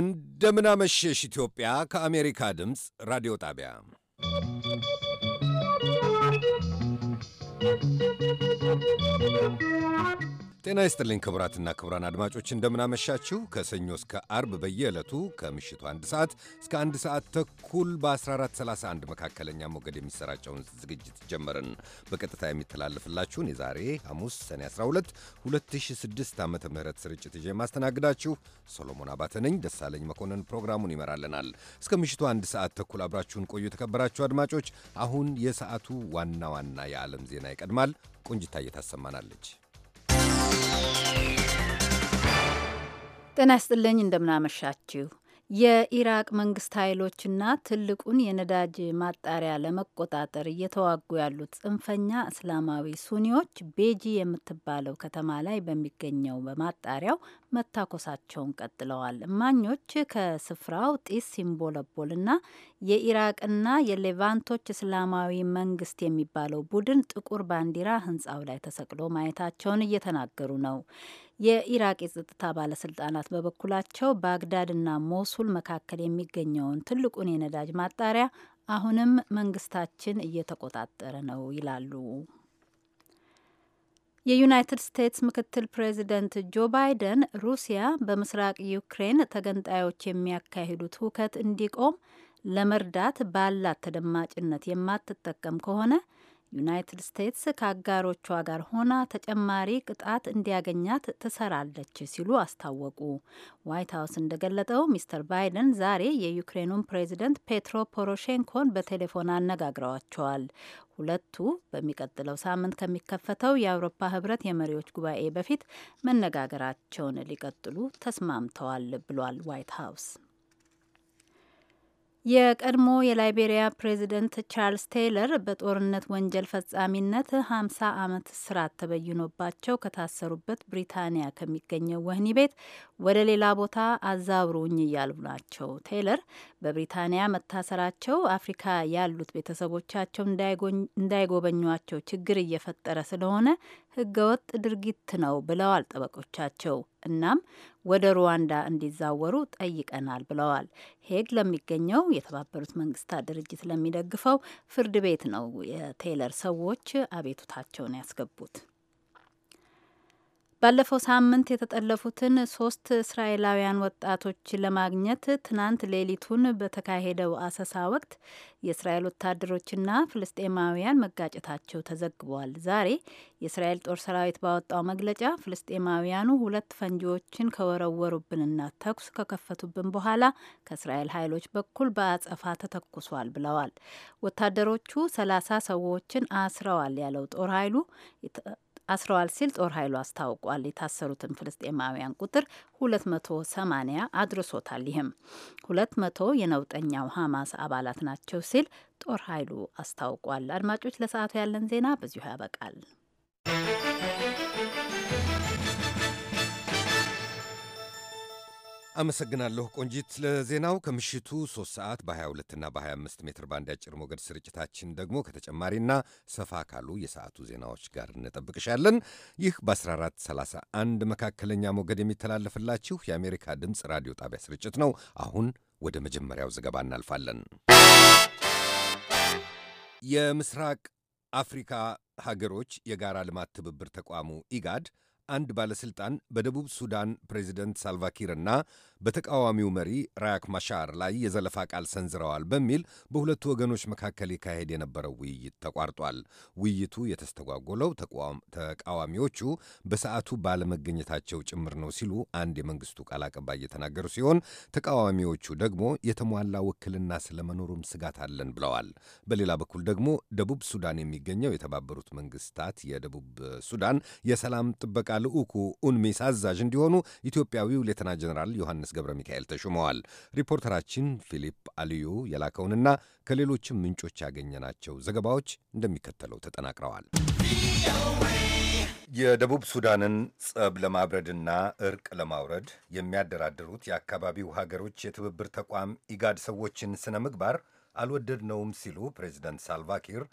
እንደምናመሸሽ ኢትዮጵያ ከአሜሪካ ድምፅ ራዲዮ ጣቢያ ¶¶ ጤና ይስጥልኝ ክቡራትና ክቡራን አድማጮች እንደምናመሻችሁ። ከሰኞ እስከ አርብ በየዕለቱ ከምሽቱ አንድ ሰዓት እስከ አንድ ሰዓት ተኩል በ1431 መካከለኛ ሞገድ የሚሰራጨውን ዝግጅት ጀመርን። በቀጥታ የሚተላለፍላችሁን የዛሬ ሐሙስ ሰኔ 12 2006 ዓ ም ስርጭት ይዤ የማስተናግዳችሁ ሶሎሞን አባተ ነኝ። ደሳለኝ መኮንን ፕሮግራሙን ይመራልናል። እስከ ምሽቱ አንድ ሰዓት ተኩል አብራችሁን ቆዩ። የተከበራችሁ አድማጮች፣ አሁን የሰዓቱ ዋና ዋና የዓለም ዜና ይቀድማል። ቆንጅታ እየታሰማናለች። ጤና ይስጥልኝ እንደምናመሻችሁ የኢራቅ መንግስት ኃይሎችና ትልቁን የነዳጅ ማጣሪያ ለመቆጣጠር እየተዋጉ ያሉት ጽንፈኛ እስላማዊ ሱኒዎች ቤጂ የምትባለው ከተማ ላይ በሚገኘው በማጣሪያው መታኮሳቸውን ቀጥለዋል። እማኞች ከስፍራው ጢስ ሲንቦለቦልና የኢራቅና የሌቫንቶች እስላማዊ መንግስት የሚባለው ቡድን ጥቁር ባንዲራ ህንጻው ላይ ተሰቅሎ ማየታቸውን እየተናገሩ ነው። የኢራቅ የጸጥታ ባለስልጣናት በበኩላቸው ባግዳድና ሞሱል መካከል የሚገኘውን ትልቁን የነዳጅ ማጣሪያ አሁንም መንግስታችን እየተቆጣጠረ ነው ይላሉ። የዩናይትድ ስቴትስ ምክትል ፕሬዚደንት ጆ ባይደን ሩሲያ በምስራቅ ዩክሬን ተገንጣዮች የሚያካሂዱት ሁከት እንዲቆም ለመርዳት ባላት ተደማጭነት የማትጠቀም ከሆነ ዩናይትድ ስቴትስ ከአጋሮቿ ጋር ሆና ተጨማሪ ቅጣት እንዲያገኛት ትሰራለች ሲሉ አስታወቁ። ዋይት ሀውስ እንደገለጠው ሚስተር ባይደን ዛሬ የዩክሬኑን ፕሬዚደንት ፔትሮ ፖሮሼንኮን በቴሌፎን አነጋግረዋቸዋል። ሁለቱ በሚቀጥለው ሳምንት ከሚከፈተው የአውሮፓ ህብረት የመሪዎች ጉባኤ በፊት መነጋገራቸውን ሊቀጥሉ ተስማምተዋል ብሏል ዋይት ሀውስ። የቀድሞ የላይቤሪያ ፕሬዚደንት ቻርልስ ቴይለር በጦርነት ወንጀል ፈጻሚነት 50 ዓመት እስራት ተበይኖባቸው ከታሰሩበት ብሪታንያ ከሚገኘው ወህኒ ቤት ወደ ሌላ ቦታ አዛውሩኝ እያሉ ናቸው። ቴይለር በብሪታንያ መታሰራቸው አፍሪካ ያሉት ቤተሰቦቻቸው እንዳይጎበኟቸው ችግር እየፈጠረ ስለሆነ ህገወጥ ድርጊት ነው ብለዋል ጠበቆቻቸው። እናም ወደ ሩዋንዳ እንዲዛወሩ ጠይቀናል ብለዋል። ሄግ ለሚገኘው የተባበሩት መንግስታት ድርጅት ለሚደግፈው ፍርድ ቤት ነው የቴይለር ሰዎች አቤቱታቸውን ያስገቡት። ባለፈው ሳምንት የተጠለፉትን ሶስት እስራኤላውያን ወጣቶች ለማግኘት ትናንት ሌሊቱን በተካሄደው አሰሳ ወቅት የእስራኤል ወታደሮችና ፍልስጤማውያን መጋጨታቸው ተዘግቧል። ዛሬ የእስራኤል ጦር ሰራዊት ባወጣው መግለጫ ፍልስጤማውያኑ ሁለት ፈንጂዎችን ከወረወሩብንና ተኩስ ከከፈቱብን በኋላ ከእስራኤል ኃይሎች በኩል በአጸፋ ተተኩሷል ብለዋል። ወታደሮቹ ሰላሳ ሰዎችን አስረዋል ያለው ጦር ኃይሉ አስረዋል ሲል ጦር ኃይሉ አስታውቋል። የታሰሩትን ፍልስጤማውያን ቁጥር 280 አድርሶታል። ይህም 200 የነውጠኛው ሐማስ አባላት ናቸው ሲል ጦር ኃይሉ አስታውቋል። አድማጮች፣ ለሰዓቱ ያለን ዜና በዚሁ ያበቃል። አመሰግናለሁ ቆንጂት ለዜናው። ከምሽቱ 3 ሰዓት በ22 እና በ25 ሜትር ባንድ አጭር ሞገድ ስርጭታችን ደግሞ ከተጨማሪና ሰፋ ካሉ የሰዓቱ ዜናዎች ጋር እንጠብቅሻለን። ይህ በ1431 መካከለኛ ሞገድ የሚተላለፍላችሁ የአሜሪካ ድምፅ ራዲዮ ጣቢያ ስርጭት ነው። አሁን ወደ መጀመሪያው ዘገባ እናልፋለን። የምስራቅ አፍሪካ ሀገሮች የጋራ ልማት ትብብር ተቋሙ ኢጋድ አንድ ባለሥልጣን በደቡብ ሱዳን ፕሬዚደንት ሳልቫኪርና በተቃዋሚው መሪ ራያክ ማሻር ላይ የዘለፋ ቃል ሰንዝረዋል በሚል በሁለቱ ወገኖች መካከል ይካሄድ የነበረው ውይይት ተቋርጧል። ውይይቱ የተስተጓጎለው ተቃዋሚዎቹ በሰዓቱ ባለመገኘታቸው ጭምር ነው ሲሉ አንድ የመንግስቱ ቃል አቀባይ እየተናገሩ ሲሆን ተቃዋሚዎቹ ደግሞ የተሟላ ውክልና ስለመኖሩም ስጋት አለን ብለዋል። በሌላ በኩል ደግሞ ደቡብ ሱዳን የሚገኘው የተባበሩት መንግስታት የደቡብ ሱዳን የሰላም ጥበቃ ልዑኩ ኡንሚስ አዛዥ እንዲሆኑ ኢትዮጵያዊው ሌተና ጀኔራል ዮሐንስ ገብረ ሚካኤል ተሹመዋል። ሪፖርተራችን ፊሊፕ አልዩ የላከውንና ከሌሎችም ምንጮች ያገኘናቸው ዘገባዎች እንደሚከተለው ተጠናቅረዋል። የደቡብ ሱዳንን ጸብ ለማብረድና እርቅ ለማውረድ የሚያደራድሩት የአካባቢው ሀገሮች የትብብር ተቋም ኢጋድ ሰዎችን ስነ ምግባር አልወደድነውም ሲሉ ፕሬዚደንት ሳልቫኪር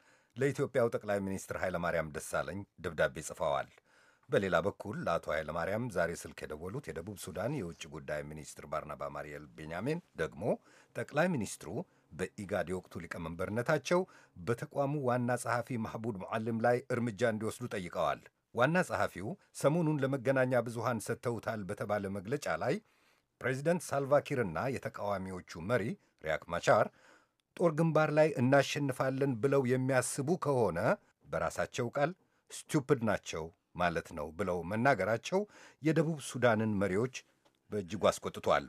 ለኢትዮጵያው ጠቅላይ ሚኒስትር ኃይለማርያም ደሳለኝ ደብዳቤ ጽፈዋል። በሌላ በኩል ለአቶ ኃይለማርያም ዛሬ ስልክ የደወሉት የደቡብ ሱዳን የውጭ ጉዳይ ሚኒስትር ባርናባ ማርያል ቤንያሚን ደግሞ ጠቅላይ ሚኒስትሩ በኢጋድ የወቅቱ ሊቀመንበርነታቸው በተቋሙ ዋና ጸሐፊ ማህቡድ ሙዓልም ላይ እርምጃ እንዲወስዱ ጠይቀዋል። ዋና ጸሐፊው ሰሞኑን ለመገናኛ ብዙሃን ሰጥተውታል በተባለ መግለጫ ላይ ፕሬዚደንት ሳልቫኪርና የተቃዋሚዎቹ መሪ ሪያክ ማቻር ጦር ግንባር ላይ እናሸንፋለን ብለው የሚያስቡ ከሆነ በራሳቸው ቃል ስቱፒድ ናቸው ማለት ነው ብለው መናገራቸው የደቡብ ሱዳንን መሪዎች በእጅጉ አስቆጥቷል።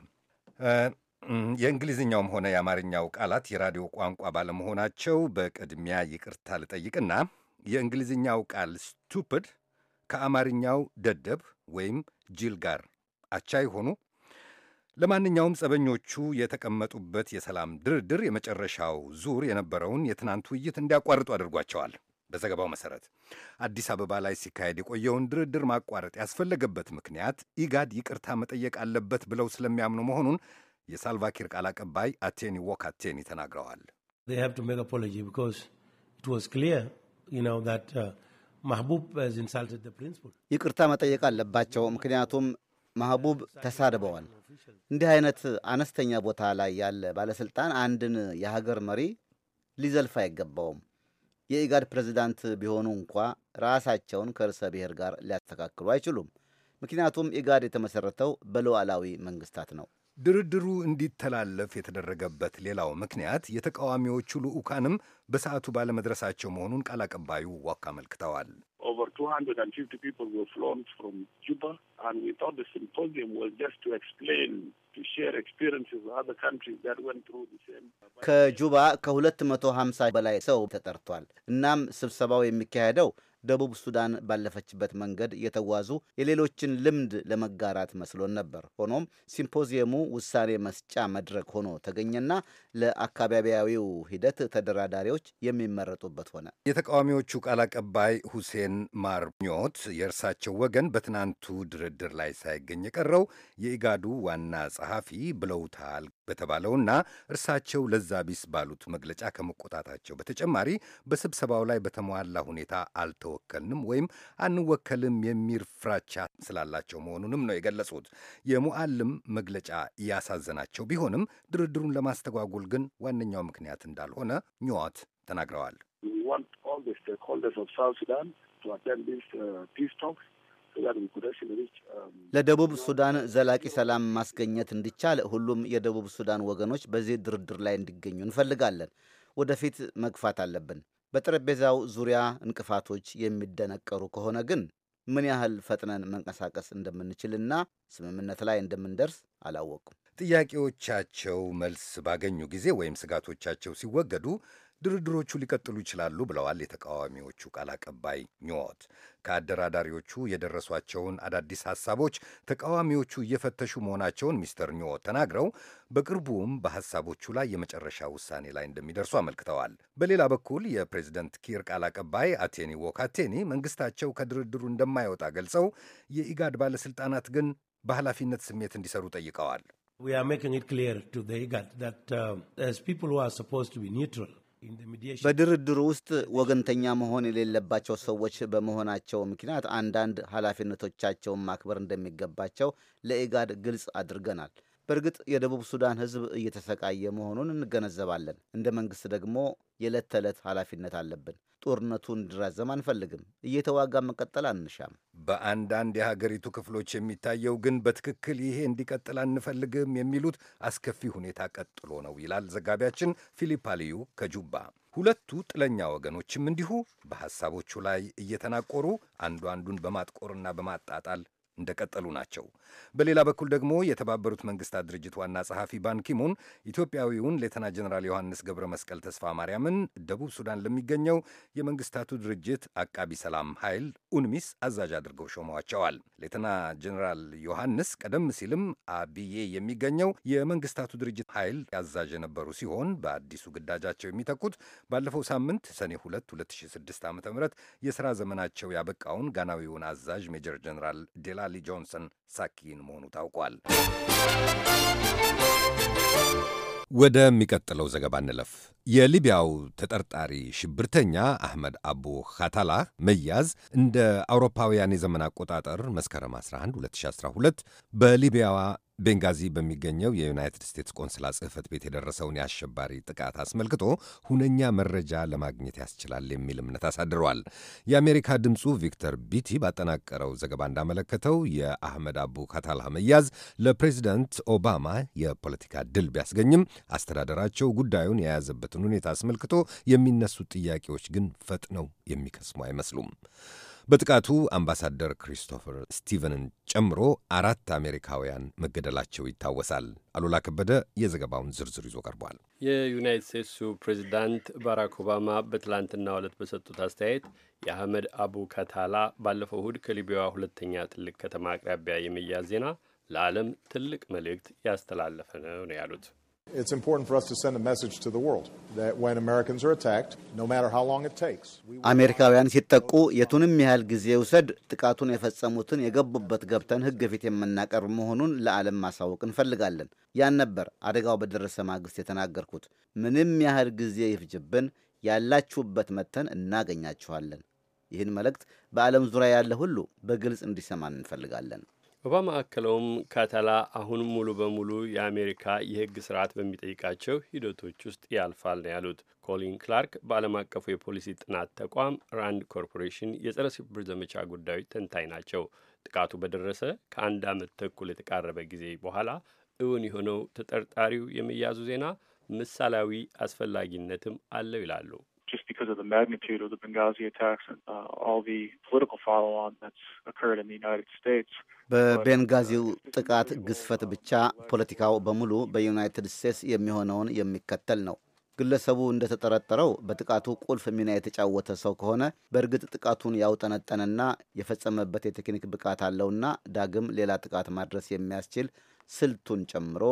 የእንግሊዝኛውም ሆነ የአማርኛው ቃላት የራዲዮ ቋንቋ ባለመሆናቸው በቅድሚያ ይቅርታ ልጠይቅና የእንግሊዝኛው ቃል ስቱፕድ ከአማርኛው ደደብ ወይም ጅል ጋር አቻ ይሆኑ? ለማንኛውም ጸበኞቹ የተቀመጡበት የሰላም ድርድር የመጨረሻው ዙር የነበረውን የትናንት ውይይት እንዲያቋርጡ አድርጓቸዋል። በዘገባው መሰረት አዲስ አበባ ላይ ሲካሄድ የቆየውን ድርድር ማቋረጥ ያስፈለገበት ምክንያት ኢጋድ ይቅርታ መጠየቅ አለበት ብለው ስለሚያምኑ መሆኑን የሳልቫኪር ቃል አቀባይ አቴኒ ዎክ አቴኒ ተናግረዋል። uh, ይቅርታ መጠየቅ አለባቸው፣ ምክንያቱም ማህቡብ ተሳድበዋል። እንዲህ አይነት አነስተኛ ቦታ ላይ ያለ ባለሥልጣን አንድን የሀገር መሪ ሊዘልፍ አይገባውም። የኢጋድ ፕሬዝዳንት ቢሆኑ እንኳ ራሳቸውን ከርዕሰ ብሔር ጋር ሊያስተካክሉ አይችሉም። ምክንያቱም ኢጋድ የተመሠረተው በሉዓላዊ መንግስታት ነው። ድርድሩ እንዲተላለፍ የተደረገበት ሌላው ምክንያት የተቃዋሚዎቹ ልዑካንም በሰዓቱ ባለመድረሳቸው መሆኑን ቃል አቀባዩ ዋክ አመልክተዋል። ከጁባ ከ250 በላይ ሰው ተጠርቷል። እናም ስብሰባው የሚካሄደው ደቡብ ሱዳን ባለፈችበት መንገድ የተጓዙ የሌሎችን ልምድ ለመጋራት መስሎን ነበር። ሆኖም ሲምፖዚየሙ ውሳኔ መስጫ መድረክ ሆኖ ተገኘና ለአካባቢያዊው ሂደት ተደራዳሪዎች የሚመረጡበት ሆነ። የተቃዋሚዎቹ ቃል አቀባይ ሁሴን ማርኞት የእርሳቸው ወገን በትናንቱ ድርድር ላይ ሳይገኝ የቀረው የኢጋዱ ዋና ጸሐፊ ብለውታል በተባለውና እርሳቸው ለዛ ቢስ ባሉት መግለጫ ከመቆጣታቸው በተጨማሪ በስብሰባው ላይ በተሟላ ሁኔታ አልተው። አልተወከልንም ወይም አንወከልም የሚል ፍራቻ ስላላቸው መሆኑንም ነው የገለጹት። የሙዓልም መግለጫ እያሳዘናቸው ቢሆንም ድርድሩን ለማስተጓጎል ግን ዋነኛው ምክንያት እንዳልሆነ ኝዋት ተናግረዋል። uh, um, ለደቡብ ሱዳን ዘላቂ ሰላም ማስገኘት እንዲቻል ሁሉም የደቡብ ሱዳን ወገኖች በዚህ ድርድር ላይ እንዲገኙ እንፈልጋለን። ወደፊት መግፋት አለብን። በጠረጴዛው ዙሪያ እንቅፋቶች የሚደነቀሩ ከሆነ ግን ምን ያህል ፈጥነን መንቀሳቀስ እንደምንችልና ስምምነት ላይ እንደምንደርስ አላወቁም። ጥያቄዎቻቸው መልስ ባገኙ ጊዜ ወይም ስጋቶቻቸው ሲወገዱ ድርድሮቹ ሊቀጥሉ ይችላሉ ብለዋል የተቃዋሚዎቹ ቃል አቀባይ ኞት። ከአደራዳሪዎቹ የደረሷቸውን አዳዲስ ሐሳቦች ተቃዋሚዎቹ እየፈተሹ መሆናቸውን ሚስተር ኞት ተናግረው በቅርቡም በሐሳቦቹ ላይ የመጨረሻ ውሳኔ ላይ እንደሚደርሱ አመልክተዋል። በሌላ በኩል የፕሬዚደንት ኪር ቃል አቀባይ አቴኒ ወካቴኒ መንግስታቸው ከድርድሩ እንደማይወጣ ገልጸው የኢጋድ ባለሥልጣናት ግን በኃላፊነት ስሜት እንዲሰሩ ጠይቀዋል። We are making it clear to the IGAD that uh, as people who are supposed to be neutral, በድርድሩ ውስጥ ወገንተኛ መሆን የሌለባቸው ሰዎች በመሆናቸው ምክንያት አንዳንድ ኃላፊነቶቻቸውን ማክበር እንደሚገባቸው ለኢጋድ ግልጽ አድርገናል። በእርግጥ የደቡብ ሱዳን ሕዝብ እየተሰቃየ መሆኑን እንገነዘባለን። እንደ መንግሥት ደግሞ የዕለት ተዕለት ኃላፊነት አለብን። ጦርነቱ እንዲራዘም አንፈልግም። እየተዋጋ መቀጠል አንሻም። በአንዳንድ የሀገሪቱ ክፍሎች የሚታየው ግን በትክክል ይሄ እንዲቀጥል አንፈልግም የሚሉት አስከፊ ሁኔታ ቀጥሎ ነው ይላል ዘጋቢያችን ፊሊፕ አልዩ ከጁባ። ሁለቱ ጥለኛ ወገኖችም እንዲሁ በሐሳቦቹ ላይ እየተናቆሩ አንዱ አንዱን በማጥቆርና በማጣጣል እንደቀጠሉ ናቸው። በሌላ በኩል ደግሞ የተባበሩት መንግስታት ድርጅት ዋና ጸሐፊ ባንኪሙን ኢትዮጵያዊውን ሌተና ጀኔራል ዮሐንስ ገብረ መስቀል ተስፋ ማርያምን ደቡብ ሱዳን ለሚገኘው የመንግስታቱ ድርጅት አቃቢ ሰላም ኃይል ኡንሚስ አዛዥ አድርገው ሾመዋቸዋል። ሌተና ጀኔራል ዮሐንስ ቀደም ሲልም አብዬ የሚገኘው የመንግስታቱ ድርጅት ኃይል አዛዥ የነበሩ ሲሆን በአዲሱ ግዳጃቸው የሚተኩት ባለፈው ሳምንት ሰኔ 2 2006 ዓ ም የሥራ ዘመናቸው ያበቃውን ጋናዊውን አዛዥ ሜጀር ጀኔራል ዴላ ላሊ ጆንሰን ሳኪን መሆኑ ታውቋል። ወደሚቀጥለው ዘገባ እንለፍ። የሊቢያው ተጠርጣሪ ሽብርተኛ አህመድ አቡ ካታላ መያዝ እንደ አውሮፓውያን የዘመን አቆጣጠር መስከረም 11 2012 በሊቢያዋ ቤንጋዚ በሚገኘው የዩናይትድ ስቴትስ ቆንስላ ጽህፈት ቤት የደረሰውን የአሸባሪ ጥቃት አስመልክቶ ሁነኛ መረጃ ለማግኘት ያስችላል የሚል እምነት አሳድረዋል። የአሜሪካ ድምፁ ቪክተር ቢቲ ባጠናቀረው ዘገባ እንዳመለከተው የአህመድ አቡ ካታልሃ መያዝ ለፕሬዚዳንት ኦባማ የፖለቲካ ድል ቢያስገኝም አስተዳደራቸው ጉዳዩን የያዘበትን ሁኔታ አስመልክቶ የሚነሱት ጥያቄዎች ግን ፈጥነው የሚከስሙ አይመስሉም። በጥቃቱ አምባሳደር ክሪስቶፈር ስቲቨንን ጨምሮ አራት አሜሪካውያን መገደላቸው ይታወሳል። አሉላ ከበደ የዘገባውን ዝርዝር ይዞ ቀርቧል። የዩናይት ስቴትሱ ፕሬዚዳንት ባራክ ኦባማ በትላንትናው ዕለት በሰጡት አስተያየት የአህመድ አቡ ከታላ ባለፈው እሁድ ከሊቢያዋ ሁለተኛ ትልቅ ከተማ አቅራቢያ የመያዝ ዜና ለዓለም ትልቅ መልእክት ያስተላለፈ ነው ነው ያሉት። አሜሪካውያን ሲጠቁ የቱንም ያህል ጊዜ ውሰድ፣ ጥቃቱን የፈጸሙትን የገቡበት ገብተን ሕግ ፊት የምናቀርብ መሆኑን ለዓለም ማሳወቅ እንፈልጋለን። ያን ነበር አደጋው በደረሰ ማግስት የተናገርኩት። ምንም ያህል ጊዜ ይፍጅብን፣ ያላችሁበት መጥተን እናገኛችኋለን። ይህን መልእክት በዓለም ዙሪያ ያለ ሁሉ በግልጽ እንዲሰማን እንፈልጋለን። በባ ማዕከለውም ካታላ አሁን ሙሉ በሙሉ የአሜሪካ የሕግ ስርዓት በሚጠይቃቸው ሂደቶች ውስጥ ያልፋል ነው ያሉት ኮሊን ክላርክ በዓለም አቀፉ የፖሊሲ ጥናት ተቋም ራንድ ኮርፖሬሽን የጸረ ሽብር ዘመቻ ጉዳዮች ተንታኝ ናቸው። ጥቃቱ በደረሰ ከአንድ ዓመት ተኩል የተቃረበ ጊዜ በኋላ እውን የሆነው ተጠርጣሪው የመያዙ ዜና ምሳሌያዊ አስፈላጊነትም አለው ይላሉ። just because of the magnitude of the Benghazi attacks and uh, all the political follow-on that's occurred in the United States. በቤንጋዚው ጥቃት ግዝፈት ብቻ ፖለቲካው በሙሉ በዩናይትድ ስቴትስ የሚሆነውን የሚከተል ነው። ግለሰቡ እንደተጠረጠረው በጥቃቱ ቁልፍ ሚና የተጫወተ ሰው ከሆነ በእርግጥ ጥቃቱን ያውጠነጠነና የፈጸመበት የቴክኒክ ብቃት አለውና ዳግም ሌላ ጥቃት ማድረስ የሚያስችል ስልቱን ጨምሮ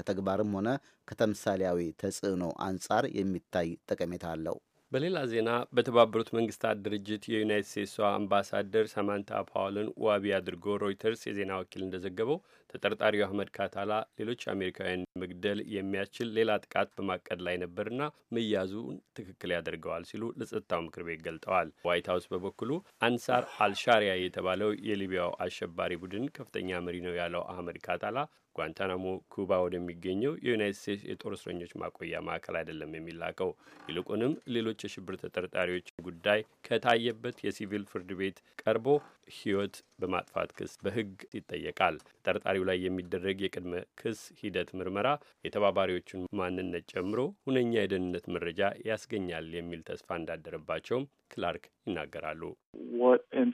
ከተግባርም ሆነ ከተምሳሌያዊ ተጽዕኖ አንጻር የሚታይ ጠቀሜታ አለው። በሌላ ዜና በተባበሩት መንግስታት ድርጅት የዩናይት ስቴትስ አምባሳደር ሳማንታ ፓውልን ዋቢ አድርጎ ሮይተርስ የዜና ወኪል እንደዘገበው ተጠርጣሪው አህመድ ካታላ ሌሎች አሜሪካውያን መግደል የሚያስችል ሌላ ጥቃት በማቀድ ላይ ነበርና መያዙን ትክክል ያደርገዋል ሲሉ ለጸጥታው ምክር ቤት ገልጠዋል። ዋይት ሀውስ በበኩሉ አንሳር አልሻሪያ የተባለው የሊቢያው አሸባሪ ቡድን ከፍተኛ መሪ ነው ያለው አህመድ ካታላ ጓንታናሞ ኩባ ወደሚገኘው የዩናይት ስቴትስ የጦር እስረኞች ማቆያ ማዕከል አይደለም የሚላከው። ይልቁንም ሌሎች የሽብር ተጠርጣሪዎች ጉዳይ ከታየበት የሲቪል ፍርድ ቤት ቀርቦ ሕይወት በማጥፋት ክስ በሕግ ይጠየቃል። ተጠርጣሪው ላይ የሚደረግ የቅድመ ክስ ሂደት ምርመራ የተባባሪዎቹን ማንነት ጨምሮ ሁነኛ የደህንነት መረጃ ያስገኛል የሚል ተስፋ እንዳደረባቸውም ክላርክ ይናገራሉ። um,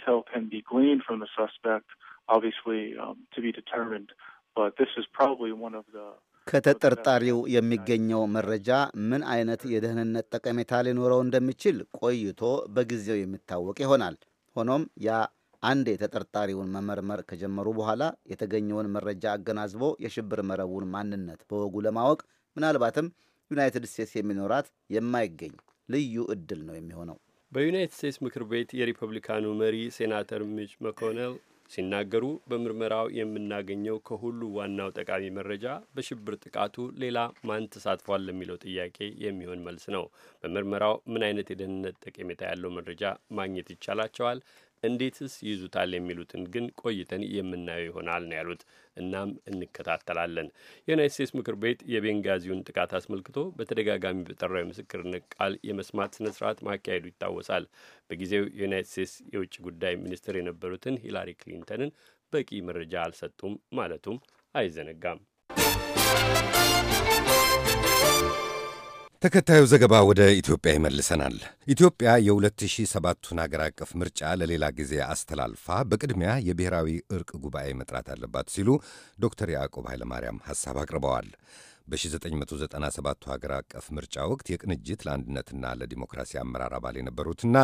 ከተጠርጣሪው የሚገኘው መረጃ ምን አይነት የደህንነት ጠቀሜታ ሊኖረው እንደሚችል ቆይቶ በጊዜው የሚታወቅ ይሆናል። ሆኖም ያ አንዴ ተጠርጣሪውን መመርመር ከጀመሩ በኋላ የተገኘውን መረጃ አገናዝቦ የሽብር መረቡን ማንነት በወጉ ለማወቅ ምናልባትም ዩናይትድ ስቴትስ የሚኖራት የማይገኝ ልዩ እድል ነው የሚሆነው። በዩናይትድ ስቴትስ ምክር ቤት የሪፐብሊካኑ መሪ ሴናተር ሚች መኮነል ሲናገሩ በምርመራው የምናገኘው ከሁሉ ዋናው ጠቃሚ መረጃ በሽብር ጥቃቱ ሌላ ማን ተሳትፏል ለሚለው ጥያቄ የሚሆን መልስ ነው። በምርመራው ምን አይነት የደህንነት ጠቀሜታ ያለው መረጃ ማግኘት ይቻላቸዋል? እንዴትስ ይይዙታል የሚሉትን ግን ቆይተን የምናየው ይሆናል ነው ያሉት። እናም እንከታተላለን። የዩናይት ስቴትስ ምክር ቤት የቤንጋዚውን ጥቃት አስመልክቶ በተደጋጋሚ በጠራው የምስክርነት ቃል የመስማት ስነ ስርዓት ማካሄዱ ይታወሳል። በጊዜው የዩናይት ስቴትስ የውጭ ጉዳይ ሚኒስትር የነበሩትን ሂላሪ ክሊንተንን በቂ መረጃ አልሰጡም ማለቱም አይዘነጋም። ተከታዩ ዘገባ ወደ ኢትዮጵያ ይመልሰናል። ኢትዮጵያ የ2007ቱን አገር አቀፍ ምርጫ ለሌላ ጊዜ አስተላልፋ በቅድሚያ የብሔራዊ እርቅ ጉባኤ መጥራት አለባት ሲሉ ዶክተር ያዕቆብ ኃይለማርያም ሐሳብ አቅርበዋል። በ1997 ሀገር አቀፍ ምርጫ ወቅት የቅንጅት ለአንድነትና ለዲሞክራሲ አመራር አባል የነበሩትና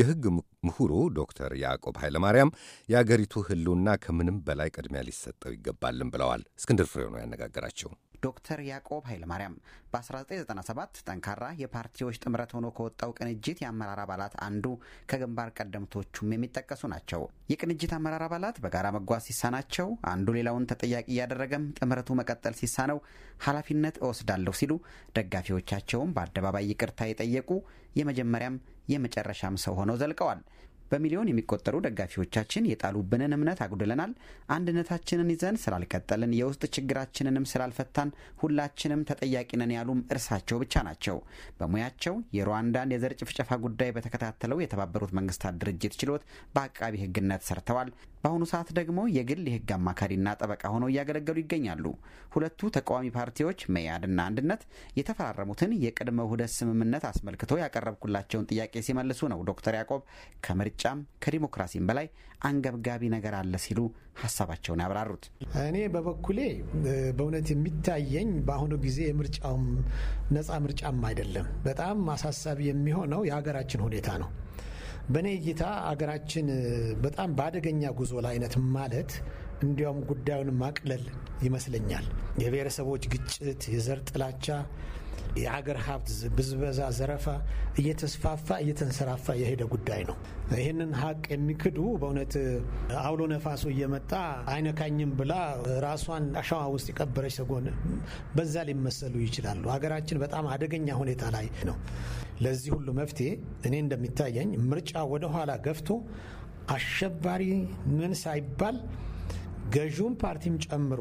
የሕግ ምሁሩ ዶክተር ያዕቆብ ኃይለማርያም የአገሪቱ ሕልውና ከምንም በላይ ቅድሚያ ሊሰጠው ይገባልን ብለዋል። እስክንድር ፍሬው ነው ያነጋገራቸው። ዶክተር ያዕቆብ ኃይለማርያም በ1997 ጠንካራ የፓርቲዎች ጥምረት ሆኖ ከወጣው ቅንጅት የአመራር አባላት አንዱ ከግንባር ቀደምቶቹም የሚጠቀሱ ናቸው። የቅንጅት አመራር አባላት በጋራ መጓዝ ሲሳናቸው አንዱ ሌላውን ተጠያቂ እያደረገም ጥምረቱ መቀጠል ሲሳነው ኃላፊነት እወስዳለሁ ሲሉ ደጋፊዎቻቸውም በአደባባይ ይቅርታ የጠየቁ የመጀመሪያም የመጨረሻም ሰው ሆነው ዘልቀዋል። በሚሊዮን የሚቆጠሩ ደጋፊዎቻችን የጣሉብንን እምነት አጉድለናል። አንድነታችንን ይዘን ስላልቀጠልን፣ የውስጥ ችግራችንንም ስላልፈታን ሁላችንም ተጠያቂነን ያሉም እርሳቸው ብቻ ናቸው። በሙያቸው የሩዋንዳን የዘር ጭፍጨፋ ጉዳይ በተከታተለው የተባበሩት መንግስታት ድርጅት ችሎት በአቃቢ ሕግነት ሰርተዋል። በአሁኑ ሰዓት ደግሞ የግል የህግ አማካሪና ጠበቃ ሆነው እያገለገሉ ይገኛሉ። ሁለቱ ተቃዋሚ ፓርቲዎች መያድና አንድነት የተፈራረሙትን የቅድመ ውህደት ስምምነት አስመልክቶ ያቀረብኩላቸውን ጥያቄ ሲመልሱ ነው ዶክተር ያዕቆብ ከምርጫም ከዲሞክራሲም በላይ አንገብጋቢ ነገር አለ ሲሉ ሀሳባቸውን ያብራሩት። እኔ በበኩሌ በእውነት የሚታየኝ በአሁኑ ጊዜ የምርጫውም ነፃ ምርጫም አይደለም። በጣም አሳሳቢ የሚሆነው የሀገራችን ሁኔታ ነው። በእኔ እይታ አገራችን በጣም በአደገኛ ጉዞ ላይነት ማለት እንዲያውም ጉዳዩን ማቅለል ይመስለኛል። የብሔረሰቦች ግጭት፣ የዘር ጥላቻ፣ የአገር ሀብት ብዝበዛ፣ ዘረፋ እየተስፋፋ እየተንሰራፋ የሄደ ጉዳይ ነው። ይህንን ሀቅ የሚክዱ በእውነት አውሎ ነፋሱ እየመጣ አይነካኝም ብላ ራሷን አሸዋ ውስጥ የቀበረች ሰጎን በዛ ሊመሰሉ ይችላሉ። ሀገራችን በጣም አደገኛ ሁኔታ ላይ ነው። ለዚህ ሁሉ መፍትሄ እኔ እንደሚታየኝ ምርጫ ወደኋላ ገፍቶ አሸባሪ ምን ሳይባል ገዥውን ፓርቲም ጨምሮ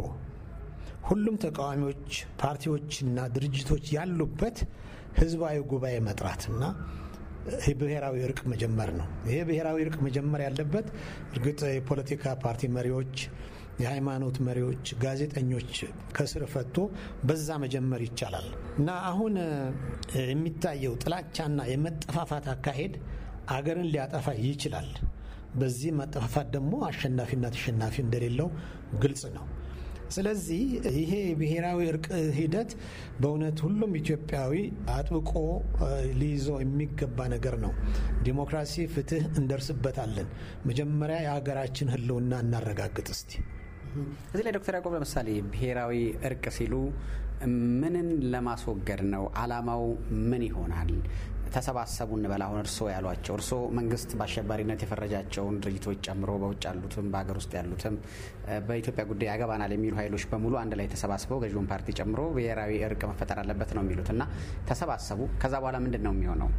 ሁሉም ተቃዋሚዎች ፓርቲዎችና ድርጅቶች ያሉበት ህዝባዊ ጉባኤ መጥራትና ብሔራዊ እርቅ መጀመር ነው። ይሄ ብሔራዊ እርቅ መጀመር ያለበት እርግጥ የፖለቲካ ፓርቲ መሪዎች የሃይማኖት መሪዎች፣ ጋዜጠኞች ከስር ፈቶ በዛ መጀመር ይቻላል እና አሁን የሚታየው ጥላቻና የመጠፋፋት አካሄድ አገርን ሊያጠፋ ይችላል። በዚህ መጠፋፋት ደግሞ አሸናፊና ተሸናፊ እንደሌለው ግልጽ ነው። ስለዚህ ይሄ ብሔራዊ እርቅ ሂደት በእውነት ሁሉም ኢትዮጵያዊ አጥብቆ ሊይዘው የሚገባ ነገር ነው። ዲሞክራሲ፣ ፍትህ እንደርስበታለን። መጀመሪያ የሀገራችን ህልውና እናረጋግጥ እስቲ። እዚህ ላይ ዶክተር ያቆብ ለምሳሌ ብሔራዊ እርቅ ሲሉ ምንን ለማስወገድ ነው? አላማው ምን ይሆናል? ተሰባሰቡ እንበል አሁን እርስዎ ያሏቸው እርስዎ መንግስት በአሸባሪነት የፈረጃቸውን ድርጅቶች ጨምሮ በውጭ ያሉትም በሀገር ውስጥ ያሉትም በኢትዮጵያ ጉዳይ ያገባናል የሚሉ ኃይሎች በሙሉ አንድ ላይ ተሰባስበው ገዥውን ፓርቲ ጨምሮ ብሔራዊ እርቅ መፈጠር አለበት ነው የሚሉት እና ተሰባሰቡ። ከዛ በኋላ ምንድን ነው የሚሆነው?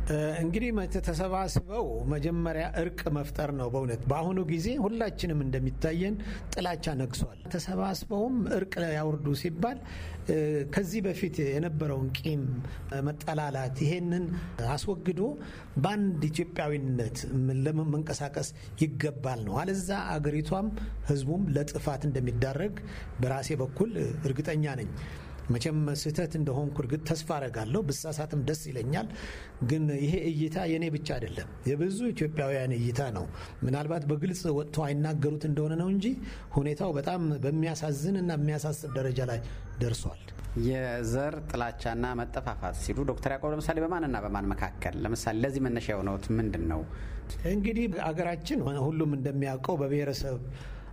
እንግዲህ ተሰባስበው መጀመሪያ እርቅ መፍጠር ነው። በእውነት በአሁኑ ጊዜ ሁላችንም እንደሚታየን ጥላቻ ነግሷል። ተሰባስበውም እርቅ ያውርዱ ሲባል ከዚህ በፊት የነበረውን ቂም፣ መጠላላት ይሄንን አስወግዶ በአንድ ኢትዮጵያዊነት ለመንቀሳቀስ ይገባል ነው። አለዛ አገሪቷም ህዝቡም ለጥፋት እንደሚዳረግ በራሴ በኩል እርግጠኛ ነኝ። መቼም ስህተት እንደሆንኩ እርግጥ ተስፋ አረጋለሁ፣ ብሳሳትም ደስ ይለኛል። ግን ይሄ እይታ የኔ ብቻ አይደለም፣ የብዙ ኢትዮጵያውያን እይታ ነው። ምናልባት በግልጽ ወጥቶ አይናገሩት እንደሆነ ነው እንጂ ሁኔታው በጣም በሚያሳዝን እና የሚያሳስብ ደረጃ ላይ ደርሷል። የዘር ጥላቻና መጠፋፋት ሲሉ ዶክተር ያዕቆብ ለምሳሌ በማንና በማን መካከል ለምሳሌ ለዚህ መነሻ የሆነውት ምንድን ነው? እንግዲህ አገራችን ሁሉም እንደሚያውቀው በብሔረሰብ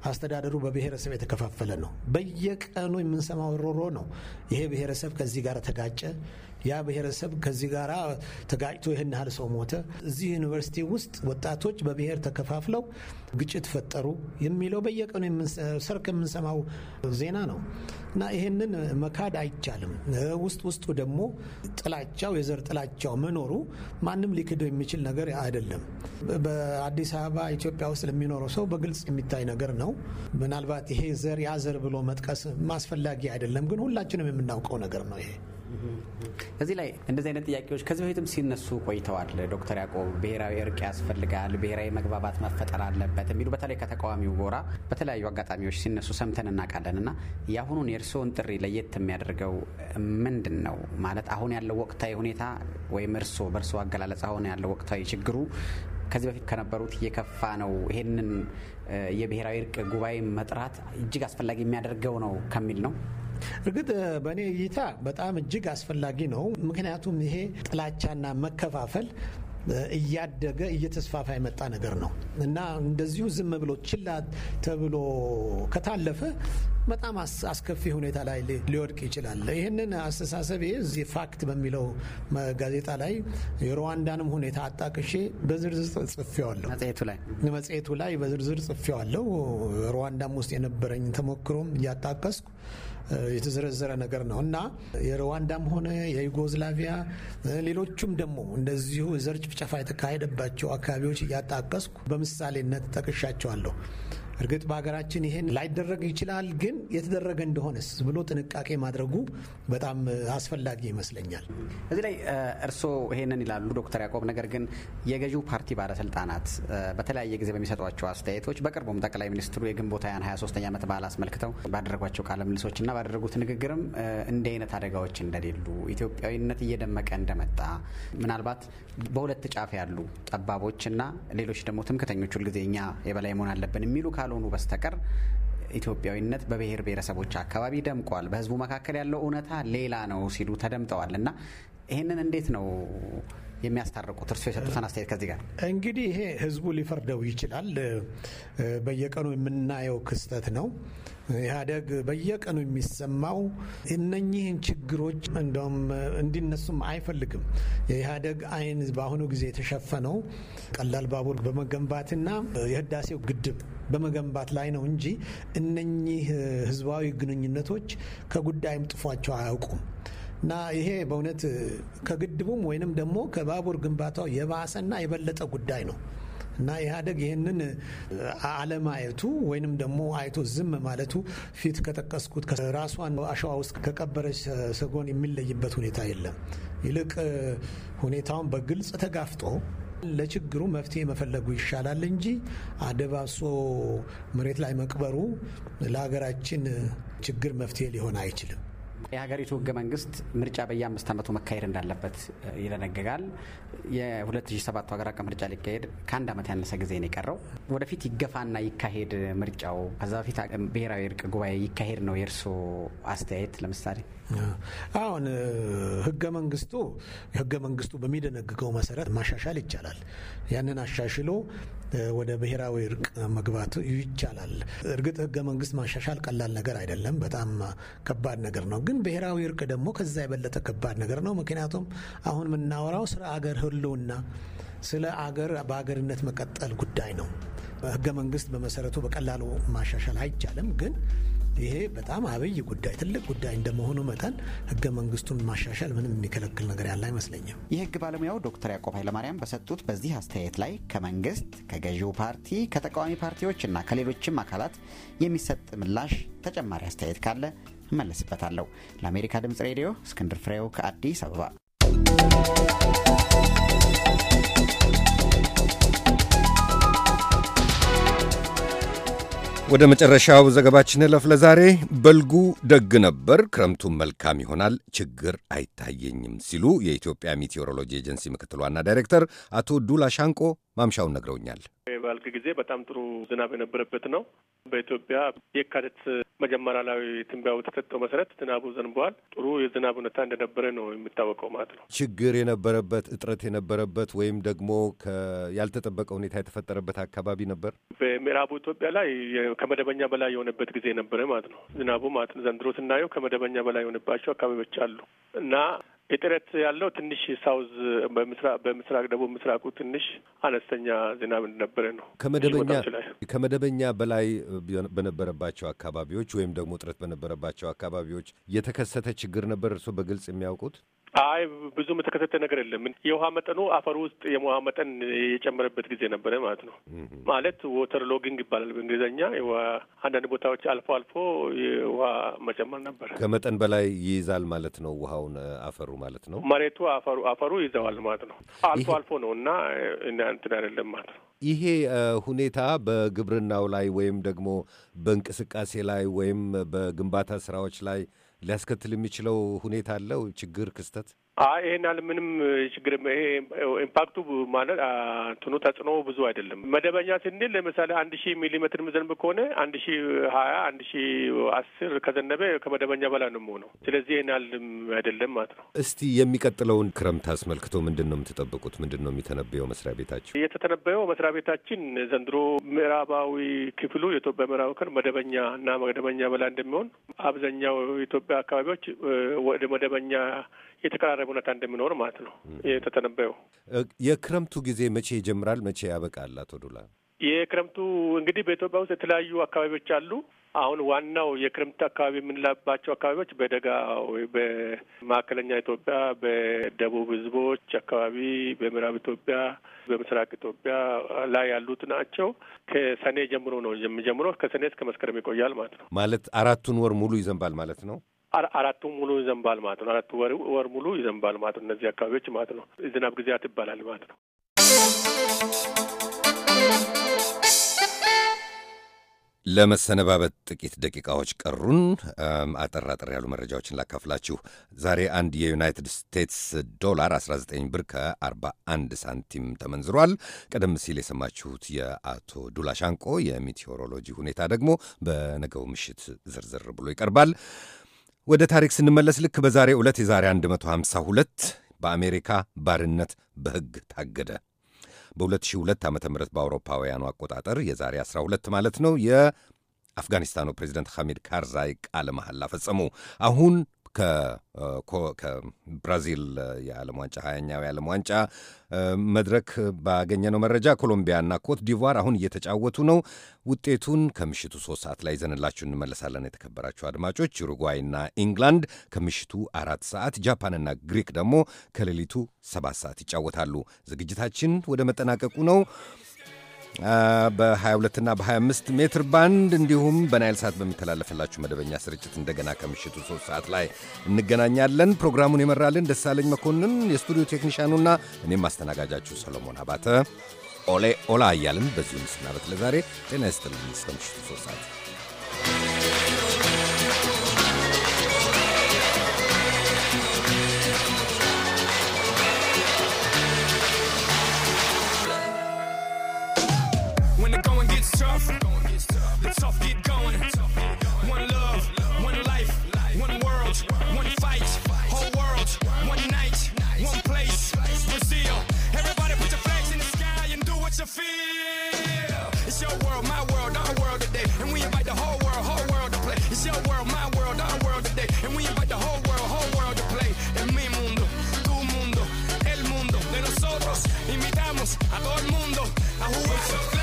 አስተዳደሩ በብሔረሰብ የተከፋፈለ ነው። በየቀኑ የምንሰማው ሮሮ ነው። ይሄ ብሔረሰብ ከዚህ ጋር ተጋጨ፣ ያ ብሔረሰብ ከዚህ ጋር ተጋጭቶ ይህን ያህል ሰው ሞተ፣ እዚህ ዩኒቨርሲቲ ውስጥ ወጣቶች በብሔር ተከፋፍለው ግጭት ፈጠሩ የሚለው በየቀኑ ሰርክ የምንሰማው ዜና ነው እና ይህንን መካድ አይቻልም። ውስጥ ውስጡ ደግሞ ጥላቻው የዘር ጥላቻው መኖሩ ማንም ሊክደው የሚችል ነገር አይደለም። በአዲስ አበባ ኢትዮጵያ ውስጥ ለሚኖረው ሰው በግልጽ የሚታይ ነገር ነው። ምናልባት ይሄ ዘር ያዘር ብሎ መጥቀስ ማስፈላጊ አይደለም፣ ግን ሁላችንም የምናውቀው ነገር ነው ይሄ እዚህ ላይ እንደዚህ አይነት ጥያቄዎች ከዚህ በፊትም ሲነሱ ቆይተዋል። ዶክተር ያዕቆብ ብሔራዊ እርቅ ያስፈልጋል፣ ብሔራዊ መግባባት መፈጠር አለበት የሚሉ በተለይ ከተቃዋሚው ጎራ በተለያዩ አጋጣሚዎች ሲነሱ ሰምተን እናውቃለን እና የአሁኑን የእርስዎን ጥሪ ለየት የሚያደርገው ምንድን ነው? ማለት አሁን ያለው ወቅታዊ ሁኔታ ወይም እርስዎ በእርስዎ አገላለጽ አሁን ያለው ወቅታዊ ችግሩ ከዚህ በፊት ከነበሩት የከፋ ነው፣ ይህንን የብሔራዊ እርቅ ጉባኤ መጥራት እጅግ አስፈላጊ የሚያደርገው ነው ከሚል ነው እርግጥ በእኔ እይታ በጣም እጅግ አስፈላጊ ነው። ምክንያቱም ይሄ ጥላቻና መከፋፈል እያደገ እየተስፋፋ የመጣ ነገር ነው እና እንደዚሁ ዝም ብሎ ችላ ተብሎ ከታለፈ በጣም አስከፊ ሁኔታ ላይ ሊወድቅ ይችላል። ይህንን አስተሳሰብ እዚህ ፋክት በሚለው ጋዜጣ ላይ የሩዋንዳንም ሁኔታ አጣቅሼ በዝርዝር ጽፌዋለሁ። መጽሔቱ ላይ በዝርዝር ጽፌዋለሁ። ሩዋንዳም ውስጥ የነበረኝ ተሞክሮም እያጣቀስኩ የተዘረዘረ ነገር ነው እና የሩዋንዳም ሆነ የዩጎዝላቪያ ሌሎቹም ደግሞ እንደዚሁ ዘር ጭፍጨፋ የተካሄደባቸው አካባቢዎች እያጣቀስኩ በምሳሌነት ጠቅሻቸዋለሁ። እርግጥ በሀገራችን ይሄን ላይደረግ ይችላል፣ ግን የተደረገ እንደሆነስ ብሎ ጥንቃቄ ማድረጉ በጣም አስፈላጊ ይመስለኛል። እዚህ ላይ እርስዎ ይሄንን ይላሉ ዶክተር ያዕቆብ ነገር ግን የገዢው ፓርቲ ባለስልጣናት በተለያየ ጊዜ በሚሰጧቸው አስተያየቶች በቅርቡም ጠቅላይ ሚኒስትሩ የግንቦት ሃያን 23ኛ ዓመት በዓል አስመልክተው ባደረጓቸው ቃለ ምልሶችና ባደረጉት ንግግርም እንዲህ አይነት አደጋዎች እንደሌሉ ኢትዮጵያዊነት እየደመቀ እንደመጣ ምናልባት በሁለት ጫፍ ያሉ ጠባቦችና ሌሎች ደግሞ ትምክተኞች ሁልጊዜ እኛ የበላይ መሆን አለብን የሚሉ ካልሆኑ በስተቀር ኢትዮጵያዊነት በብሔር ብሔረሰቦች አካባቢ ደምቋል፣ በህዝቡ መካከል ያለው እውነታ ሌላ ነው ሲሉ ተደምጠዋል እና ይህንን እንዴት ነው የሚያስታርቁት? እርስዎ የሰጡትን አስተያየት ከዚህ ጋር እንግዲህ ይሄ ህዝቡ ሊፈርደው ይችላል። በየቀኑ የምናየው ክስተት ነው። ኢህአደግ በየቀኑ የሚሰማው እነኚህን ችግሮች እንደውም እንዲነሱም አይፈልግም። የኢህአደግ አይን በአሁኑ ጊዜ የተሸፈነው ቀላል ባቡር በመገንባትና የህዳሴው ግድብ በመገንባት ላይ ነው እንጂ እነኚህ ህዝባዊ ግንኙነቶች ከጉዳይም ጥፏቸው አያውቁም። እና ይሄ በእውነት ከግድቡም ወይንም ደግሞ ከባቡር ግንባታው የባሰና የበለጠ ጉዳይ ነው እና ኢህአደግ ይህንን አለማየቱ ወይንም ደግሞ አይቶ ዝም ማለቱ ፊት ከጠቀስኩት ራሷን አሸዋ ውስጥ ከቀበረች ሰጎን የሚለይበት ሁኔታ የለም። ይልቅ ሁኔታውን በግልጽ ተጋፍጦ ለችግሩ መፍትሄ መፈለጉ ይሻላል እንጂ አደባሶ መሬት ላይ መቅበሩ ለሀገራችን ችግር መፍትሄ ሊሆን አይችልም። የሀገሪቱ ህገ መንግስት ምርጫ በየአምስት ዓመቱ መካሄድ እንዳለበት ይደነግጋል። የ2007 ሀገር አቀፍ ምርጫ ሊካሄድ ከአንድ ዓመት ያነሰ ጊዜ ነው የቀረው። ወደፊት ይገፋና ይካሄድ ምርጫው። ከዛ በፊት ብሔራዊ እርቅ ጉባኤ ይካሄድ ነው የእርስዎ አስተያየት? ለምሳሌ አሁን ህገ መንግስቱ ህገ መንግስቱ በሚደነግገው መሰረት ማሻሻል ይቻላል። ያንን አሻሽሎ ወደ ብሔራዊ እርቅ መግባት ይቻላል። እርግጥ ህገ መንግስት ማሻሻል ቀላል ነገር አይደለም፣ በጣም ከባድ ነገር ነው። ግን ብሔራዊ እርቅ ደግሞ ከዛ የበለጠ ከባድ ነገር ነው። ምክንያቱም አሁን የምናወራው ስለ አገር ህልውና፣ ስለ አገር በአገርነት መቀጠል ጉዳይ ነው። ህገ መንግስት በመሰረቱ በቀላሉ ማሻሻል አይቻልም ግን ይሄ በጣም አብይ ጉዳይ፣ ትልቅ ጉዳይ እንደመሆኑ መጠን ህገ መንግስቱን ማሻሻል ምንም የሚከለክል ነገር ያለ አይመስለኝም። የህግ ባለሙያው ዶክተር ያዕቆብ ኃይለማርያም በሰጡት በዚህ አስተያየት ላይ ከመንግስት ከገዢው ፓርቲ ከተቃዋሚ ፓርቲዎች እና ከሌሎችም አካላት የሚሰጥ ምላሽ ተጨማሪ አስተያየት ካለ እመለስበታለሁ። ለአሜሪካ ድምጽ ሬዲዮ እስክንድር ፍሬው ከአዲስ አበባ ወደ መጨረሻው ዘገባችን እለፍ። ለዛሬ በልጉ ደግ ነበር፣ ክረምቱን መልካም ይሆናል፣ ችግር አይታየኝም ሲሉ የኢትዮጵያ ሚቴዎሮሎጂ ኤጀንሲ ምክትል ዋና ዳይሬክተር አቶ ዱላ ሻንቆ ማምሻውን ነግረውኛል። ባልክ ጊዜ በጣም ጥሩ ዝናብ የነበረበት ነው። በኢትዮጵያ የካቲት መጀመሪያ ላይ ትንበያው በተሰጠው መሰረት ዝናቡ ዘንበዋል። ጥሩ የዝናብ ሁኔታ እንደነበረ ነው የሚታወቀው ማለት ነው። ችግር የነበረበት እጥረት የነበረበት ወይም ደግሞ ያልተጠበቀ ሁኔታ የተፈጠረበት አካባቢ ነበር። በምዕራቡ ኢትዮጵያ ላይ ከመደበኛ በላይ የሆነበት ጊዜ ነበረ ማለት ነው። ዝናቡ ማለት ዘንድሮ ስናየው ከመደበኛ በላይ የሆነባቸው አካባቢዎች አሉ እና እጥረት ያለው ትንሽ ሳውዝ በምስራቅ ደቡብ ምስራቁ ትንሽ አነስተኛ ዝናብ እንደነበረ ነው። ከመደበኛ ከመደበኛ በላይ በነበረባቸው አካባቢዎች ወይም ደግሞ እጥረት በነበረባቸው አካባቢዎች የተከሰተ ችግር ነበር እርስዎ በግልጽ የሚያውቁት? አይ ብዙም የተከሰተ ነገር የለም። የውሃ መጠኑ አፈር ውስጥ የውሃ መጠን የጨመረበት ጊዜ ነበረ ማለት ነው። ማለት ወተር ሎጊንግ ይባላል በእንግሊዝኛ። አንዳንድ ቦታዎች አልፎ አልፎ የውሃ መጨመር ነበረ። ከመጠን በላይ ይይዛል ማለት ነው። ውሃውን አፈሩ ማለት ነው። መሬቱ አፈሩ አፈሩ ይዘዋል ማለት ነው። አልፎ አልፎ ነው እና እንትን አይደለም ማለት ነው። ይሄ ሁኔታ በግብርናው ላይ ወይም ደግሞ በእንቅስቃሴ ላይ ወይም በግንባታ ስራዎች ላይ ሊያስከትል የሚችለው ሁኔታ አለው ችግር ክስተት ይሄን ያህል ምንም ችግር ይሄ ኢምፓክቱ ማለት እንትኑ ተጽዕኖ ብዙ አይደለም። መደበኛ ስንል ለምሳሌ አንድ ሺህ ሚሊሜትር የሚዘንብ ከሆነ አንድ ሺህ ሀያ አንድ ሺህ አስር ከዘነበ ከመደበኛ በላይ ነው የሚሆነው። ስለዚህ ይሄን ያህል አይደለም ማለት ነው። እስቲ የሚቀጥለውን ክረምት አስመልክቶ ምንድን ነው የምትጠብቁት? ምንድን ነው የሚተነበየው መስሪያ ቤታችን? የተተነበየው መስሪያ ቤታችን ዘንድሮ ምዕራባዊ ክፍሉ የኢትዮጵያ ምዕራብ ክፍል መደበኛ እና መደበኛ በላይ እንደሚሆን አብዛኛው የኢትዮጵያ አካባቢዎች ወደ መደበኛ የተቀራረበ ሁኔታ እንደሚኖር ማለት ነው የተተነበየው። የክረምቱ ጊዜ መቼ ይጀምራል? መቼ ያበቃል? አቶ ዱላ፣ የክረምቱ እንግዲህ በኢትዮጵያ ውስጥ የተለያዩ አካባቢዎች አሉ። አሁን ዋናው የክረምት አካባቢ የምንላባቸው አካባቢዎች በደጋ በማዕከለኛ ኢትዮጵያ፣ በደቡብ ህዝቦች አካባቢ፣ በምዕራብ ኢትዮጵያ፣ በምስራቅ ኢትዮጵያ ላይ ያሉት ናቸው። ከሰኔ ጀምሮ ነው የሚጀምረው። ከሰኔ እስከ መስከረም ይቆያል ማለት ነው። ማለት አራቱን ወር ሙሉ ይዘንባል ማለት ነው። አራቱ ሙሉ ይዘንባል ማለት ነው። አራቱ ወር ሙሉ ይዘንባል ማለት ነው። እነዚህ አካባቢዎች ማለት ነው ዝናብ ጊዜያት ይባላል ማለት ነው። ለመሰነባበት ጥቂት ደቂቃዎች ቀሩን። አጠር አጠር ያሉ መረጃዎችን ላካፍላችሁ። ዛሬ አንድ የዩናይትድ ስቴትስ ዶላር 19 ብር ከ41 ሳንቲም ተመንዝሯል። ቀደም ሲል የሰማችሁት የአቶ ዱላ ሻንቆ የሚቴዎሮሎጂ ሁኔታ ደግሞ በነገው ምሽት ዝርዝር ብሎ ይቀርባል። ወደ ታሪክ ስንመለስ ልክ በዛሬ ዕለት የዛሬ 152 በአሜሪካ ባርነት በሕግ ታገደ። በ2002 ዓ ም በአውሮፓውያኑ አቆጣጠር የዛሬ 12 ማለት ነው። የአፍጋኒስታኑ ፕሬዚደንት ሐሚድ ካርዛይ ቃለ መሐላ ፈጸሙ። አሁን ከብራዚል የዓለም ዋንጫ ሀያኛው የዓለም ዋንጫ መድረክ ባገኘነው መረጃ ኮሎምቢያና ኮት ዲቯር አሁን እየተጫወቱ ነው። ውጤቱን ከምሽቱ ሶስት ሰዓት ላይ ዘንላችሁ እንመለሳለን። የተከበራችሁ አድማጮች ዩሩጓይና ኢንግላንድ ከምሽቱ አራት ሰዓት፣ ጃፓንና ግሪክ ደግሞ ከሌሊቱ ሰባት ሰዓት ይጫወታሉ። ዝግጅታችን ወደ መጠናቀቁ ነው። በ22ና በ25 ሜትር ባንድ እንዲሁም በናይል ሳት በሚተላለፍላችሁ መደበኛ ስርጭት እንደገና ከምሽቱ 3 ሰዓት ላይ እንገናኛለን። ፕሮግራሙን የመራልን ደሳለኝ መኮንን፣ የስቱዲዮ ቴክኒሻኑና እኔም አስተናጋጃችሁ ሰሎሞን አባተ ኦሌ ኦላ እያልን በዚሁ ምስናበት ለዛሬ ጤና ይስጥልን። እስከ ምሽቱ 3 ሰዓት I want some